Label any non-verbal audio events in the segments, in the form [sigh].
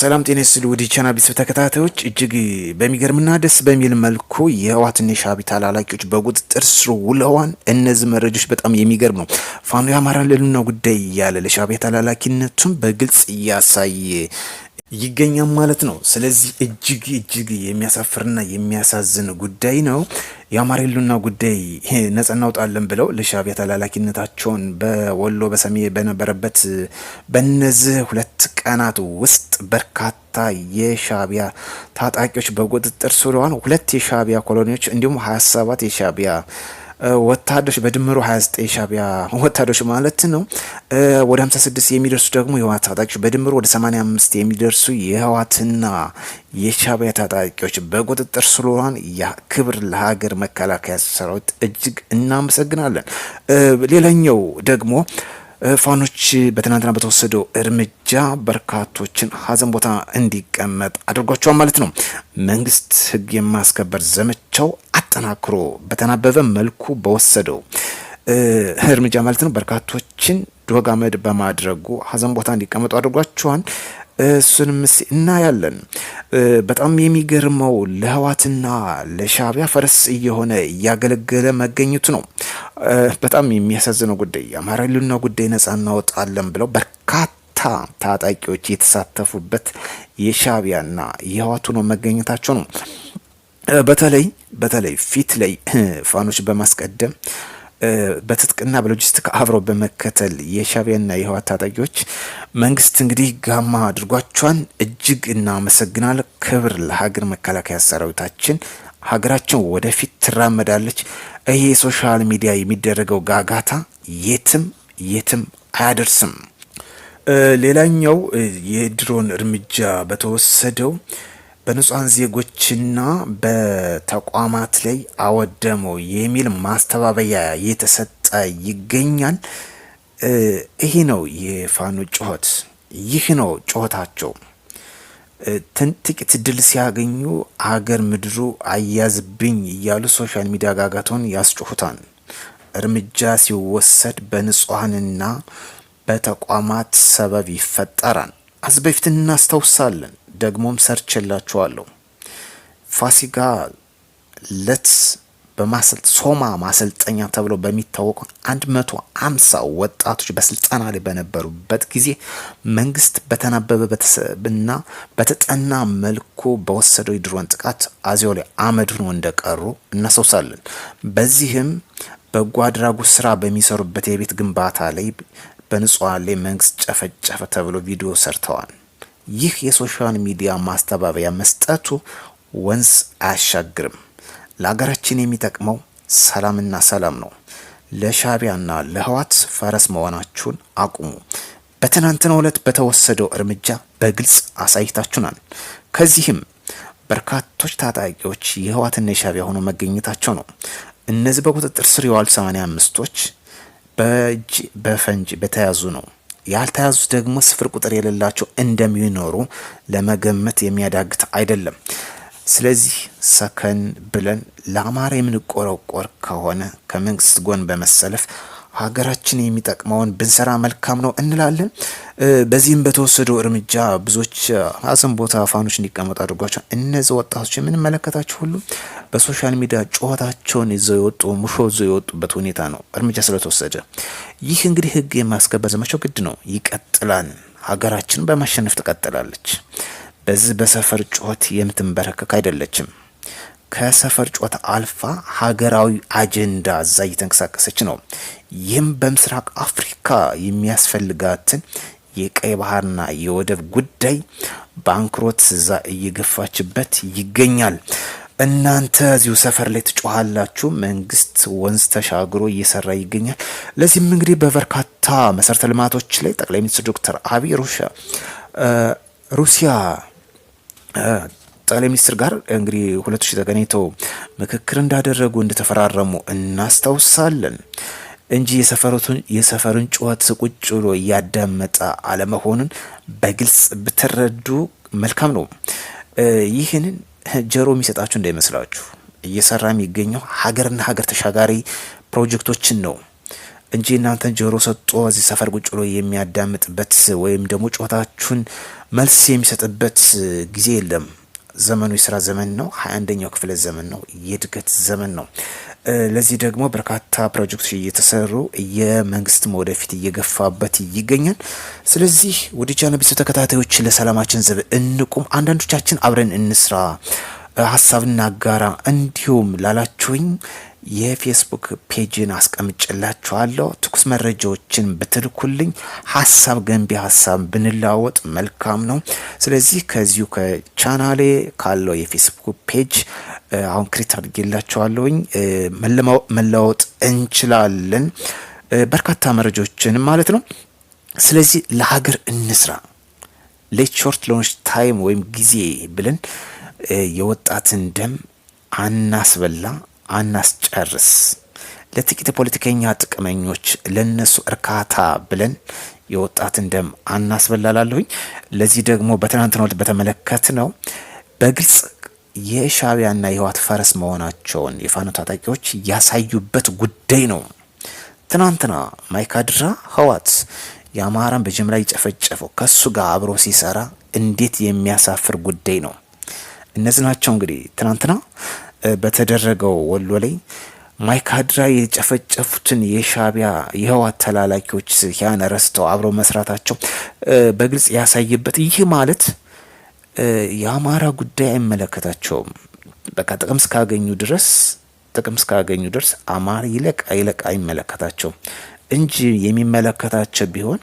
ሰላም ጤና ስል ውድ ቻና ቤተሰብ ተከታታዮች እጅግ በሚገርምና ደስ በሚል መልኩ የህወሓትና የሻዕቢያ ታላላቂዎች በቁጥጥር ስር ውለዋን። እነዚህ መረጃዎች በጣም የሚገርም ነው። ፋኖ የአማራ ልዕልና ጉዳይ እያለ ለሻዕቢያ ታላላኪነቱን በግልጽ እያሳየ ይገኛል ማለት ነው። ስለዚህ እጅግ እጅግ የሚያሳፍርና የሚያሳዝን ጉዳይ ነው። የአማራ ጉዳይ [laughs] ነጻ እናውጣለን ብለው ለሻዕቢያ ተላላኪነታቸውን በወሎ በሰሜ በነበረበት በነዚህ ሁለት ቀናት ውስጥ በርካታ የሻዕቢያ ታጣቂዎች በቁጥጥር ስር ውለዋል። ሁለት የሻዕቢያ ኮሎኒዎች እንዲሁም ሀያ ሰባት የሻዕቢያ ወታደሮች በድምሩ 29 ሻቢያ ወታደሮች ማለት ነው። ወደ 56 የሚደርሱ ደግሞ የህወሓት ታጣቂዎች በድምሩ ወደ 85 የሚደርሱ የህወሓትና የሻቢያ ታጣቂዎች በቁጥጥር ስሏን ክብር ለሀገር መከላከያ ሰራዊት እጅግ እናመሰግናለን። ሌላኛው ደግሞ ፋኖች በትናንትና በተወሰደው እርምጃ በርካቶችን ሀዘን ቦታ እንዲቀመጥ አድርጓቸዋል ማለት ነው። መንግስት ህግ የማስከበር ዘመቻው አጠናክሮ በተናበበ መልኩ በወሰደው እርምጃ ማለት ነው በርካቶችን ዶግ አመድ በማድረጉ ሀዘን ቦታ እንዲቀመጡ አድርጓቸዋል። እሱንም እናያለን። በጣም የሚገርመው ለህዋትና ለሻቢያ ፈረስ እየሆነ እያገለገለ መገኘቱ ነው። በጣም የሚያሳዝነው ጉዳይ የአማራ ጉዳይ ነጻ እናወጣለን ብለው በርካታ ታጣቂዎች የተሳተፉበት የሻቢያና የህዋቱ ነው መገኘታቸው ነው። በተለይ በተለይ ፊት ላይ ፋኖች በማስቀደም በትጥቅና በሎጂስቲክ አብረው በመከተል የሻቢያና የህወሓት ታጣቂዎች መንግስት እንግዲህ ጋማ አድርጓቸዋን እጅግ እናመሰግናል። ክብር ለሀገር መከላከያ ሰራዊታችን። ሀገራችን ወደፊት ትራመዳለች። ይሄ የሶሻል ሚዲያ የሚደረገው ጋጋታ የትም የትም አያደርስም። ሌላኛው የድሮን እርምጃ በተወሰደው በንጹሐን ዜጎችና በተቋማት ላይ አወደመው የሚል ማስተባበያ የተሰጠ ይገኛል። ይሄ ነው የፋኖ ጩኸት፣ ይህ ነው ጩኸታቸው። ጥቂት ድል ሲያገኙ አገር ምድሩ አያዝብኝ እያሉ ሶሻል ሚዲያ ጋጋቶን ያስጮሁታል። እርምጃ ሲወሰድ በንጹሐንና በተቋማት ሰበብ ይፈጠራል። አዝ በፊት እናስታውሳለን። ደግሞም ሰርችላችኋለሁ። ፋሲጋ ለት ሶማ ማሰልጠኛ ተብሎ በሚታወቁ አንድ መቶ አምሳ ወጣቶች በስልጠና ላይ በነበሩበት ጊዜ መንግስት በተናበበ በተሰብና በተጠና መልኩ በወሰደው የድሮን ጥቃት አዚያው ላይ አመድ ሆነው እንደቀሩ እናሰውሳለን በዚህም በጎ አድራጎት ስራ በሚሰሩበት የቤት ግንባታ ላይ በንጹሐን ላይ መንግስት ጨፈጨፈ ተብሎ ቪዲዮ ሰርተዋል። ይህ የሶሻል ሚዲያ ማስተባበያ መስጠቱ ወንዝ አያሻግርም። ለሀገራችን የሚጠቅመው ሰላምና ሰላም ነው። ለሻቢያና ለህዋት ፈረስ መሆናችሁን አቁሙ። በትናንትናው ዕለት በተወሰደው እርምጃ በግልጽ አሳይታችሁናል። ከዚህም በርካቶች ታጣቂዎች የህዋትና የሻቢያ ሆኖ መገኘታቸው ነው። እነዚህ በቁጥጥር ስር የዋሉ ሰማንያ አምስቶች በእጅ በፈንጅ በተያዙ ነው። ያልተያዙት ደግሞ ስፍር ቁጥር የሌላቸው እንደሚኖሩ ለመገመት የሚያዳግት አይደለም። ስለዚህ ሰከን ብለን ለአማራ የምንቆረቆር ከሆነ ከመንግስት ጎን በመሰለፍ ሀገራችን የሚጠቅመውን ብንሰራ መልካም ነው እንላለን። በዚህም በተወሰደው እርምጃ ብዙዎች ሀሰን ቦታ ፋኖች እንዲቀመጡ አድርጓቸው። እነዚህ ወጣቶች የምንመለከታቸው ሁሉ በሶሻል ሚዲያ ጨዋታቸውን ይዘው የወጡ ሙሾ ይዘው የወጡበት ሁኔታ ነው እርምጃ ስለተወሰደ። ይህ እንግዲህ ህግ የማስከበር ዘመቻው ግድ ነው ይቀጥላል። ሀገራችን በማሸነፍ ትቀጥላለች። በዚህ በሰፈር ጩኸት የምትንበረከክ አይደለችም። ከሰፈር ጮታ አልፋ ሀገራዊ አጀንዳ እዛ እየተንቀሳቀሰች ነው። ይህም በምስራቅ አፍሪካ የሚያስፈልጋትን የቀይ ባህርና የወደብ ጉዳይ ባንክሮት እዛ እየገፋችበት ይገኛል። እናንተ እዚሁ ሰፈር ላይ ትጮኋላችሁ። መንግስት ወንዝ ተሻግሮ እየሰራ ይገኛል። ለዚህም እንግዲህ በበርካታ መሰረተ ልማቶች ላይ ጠቅላይ ሚኒስትር ዶክተር አብይ ሩሲያ ጠቅላይ ሚኒስትር ጋር እንግዲህ ሁለቱ ተገናኝተው ምክክር እንዳደረጉ እንደተፈራረሙ እናስታውሳለን እንጂ የሰፈሩትን የሰፈርን ጩኸት ቁጭ ብሎ እያዳመጠ አለመሆኑን በግልጽ ብትረዱ መልካም ነው። ይህንን ጆሮ የሚሰጣችሁ እንዳይመስላችሁ እየሰራ የሚገኘው ሀገርና ሀገር ተሻጋሪ ፕሮጀክቶችን ነው እንጂ እናንተን ጆሮ ሰጦ እዚህ ሰፈር ቁጭ ብሎ የሚያዳምጥበት ወይም ደግሞ ጩኸታችሁን መልስ የሚሰጥበት ጊዜ የለም። ዘመኑ የስራ ዘመን ነው። ሀያ አንደኛው ክፍለ ዘመን ነው። የእድገት ዘመን ነው። ለዚህ ደግሞ በርካታ ፕሮጀክቶች እየተሰሩ የመንግስትም ወደፊት እየገፋበት ይገኛል። ስለዚህ ወደ ቻና ተከታታዮች ለሰላማችን ዘብ እንቁም፣ አንዳንዶቻችን አብረን እንስራ፣ ሀሳብና ጋራ እንዲሁም ላላችሁኝ የፌስቡክ ፔጅን አስቀምጭላችኋለሁ። ትኩስ መረጃዎችን ብትልኩልኝ ሀሳብ፣ ገንቢ ሀሳብ ብንለዋወጥ መልካም ነው። ስለዚህ ከዚሁ ከቻናሌ ካለው የፌስቡክ ፔጅ አሁን ክሬት አድርጌላችኋለሁኝ። መለዋወጥ እንችላለን፣ በርካታ መረጃዎችንም ማለት ነው። ስለዚህ ለሀገር እንስራ። ሌት ሾርት ታይም ወይም ጊዜ ብለን የወጣትን ደም አናስበላ አናስጨርስ። ለጥቂት የፖለቲከኛ ጥቅመኞች ለነሱ እርካታ ብለን የወጣትን ደም አናስበላላለሁኝ። ለዚህ ደግሞ በትናንትናው ዕለት በተመለከት ነው በግልጽ የሻቢያና የህወሓት ፈረስ መሆናቸውን የፋኖ ታጣቂዎች ያሳዩበት ጉዳይ ነው። ትናንትና ማይካድራ ህወሓት የአማራን በጅምላ ይጨፈጨፈው ከሱ ጋር አብሮ ሲሰራ እንዴት የሚያሳፍር ጉዳይ ነው። እነዚህ ናቸው እንግዲህ ትናንትና በተደረገው ወሎ ላይ ማይካድራ የጨፈጨፉትን የሻቢያ የህወሓት ተላላኪዎች ያን ረስተው አብረው መስራታቸው በግልጽ ያሳይበት። ይህ ማለት የአማራ ጉዳይ አይመለከታቸውም። በቃ ጥቅም እስካገኙ ድረስ ጥቅም እስካገኙ ድረስ አማራ ይለቅ አይለቅ አይመለከታቸውም እንጂ የሚመለከታቸው ቢሆን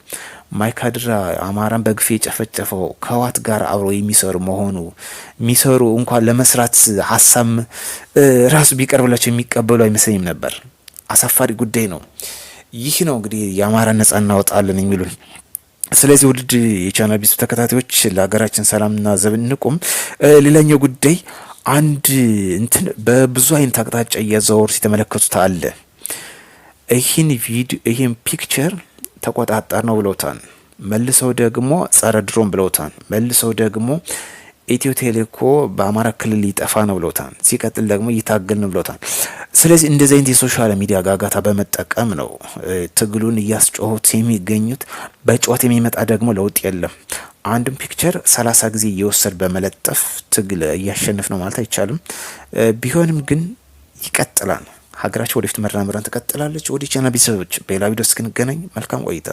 ማይካድራ አማራን በግፍ የጨፈጨፈው ከህወሓት ጋር አብሮ የሚሰሩ መሆኑ የሚሰሩ እንኳን ለመስራት ሀሳብ ራሱ ቢቀርብላቸው የሚቀበሉ አይመስለኝም ነበር። አሳፋሪ ጉዳይ ነው። ይህ ነው እንግዲህ የአማራ ነጻ እናወጣለን የሚሉን። ስለዚህ ውድድ የቻና ቢስ ተከታታዮች ለሀገራችን ሰላምና ዘብ እንቁም። ሌላኛው ጉዳይ አንድ እንትን በብዙ አይነት አቅጣጫ እያዘወሩ ሲተመለከቱት አለ ይህን ቪዲዮ ይህን ፒክቸር ተቆጣጠር ነው ብለውታል። መልሰው ደግሞ ጸረ ድሮን ብለውታል። መልሰው ደግሞ ኢትዮ ቴሌኮ በአማራ ክልል ሊጠፋ ነው ብለውታል። ሲቀጥል ደግሞ እየታገል ነው ብለውታል። ስለዚህ እንደዚህ አይነት የሶሻል ሚዲያ ጋጋታ በመጠቀም ነው ትግሉን እያስጮሁት የሚገኙት። በጩኸት የሚመጣ ደግሞ ለውጥ የለም። አንድም ፒክቸር ሰላሳ ጊዜ እየወሰድ በመለጠፍ ትግል እያሸንፍ ነው ማለት አይቻልም። ቢሆንም ግን ይቀጥላል። ሀገራችን ወደፊት መራመሯን ትቀጥላለች። ወዲህ ቻናል ቤተሰቦች በሌላ ቪዲዮ እስክንገናኝ መልካም ቆይታ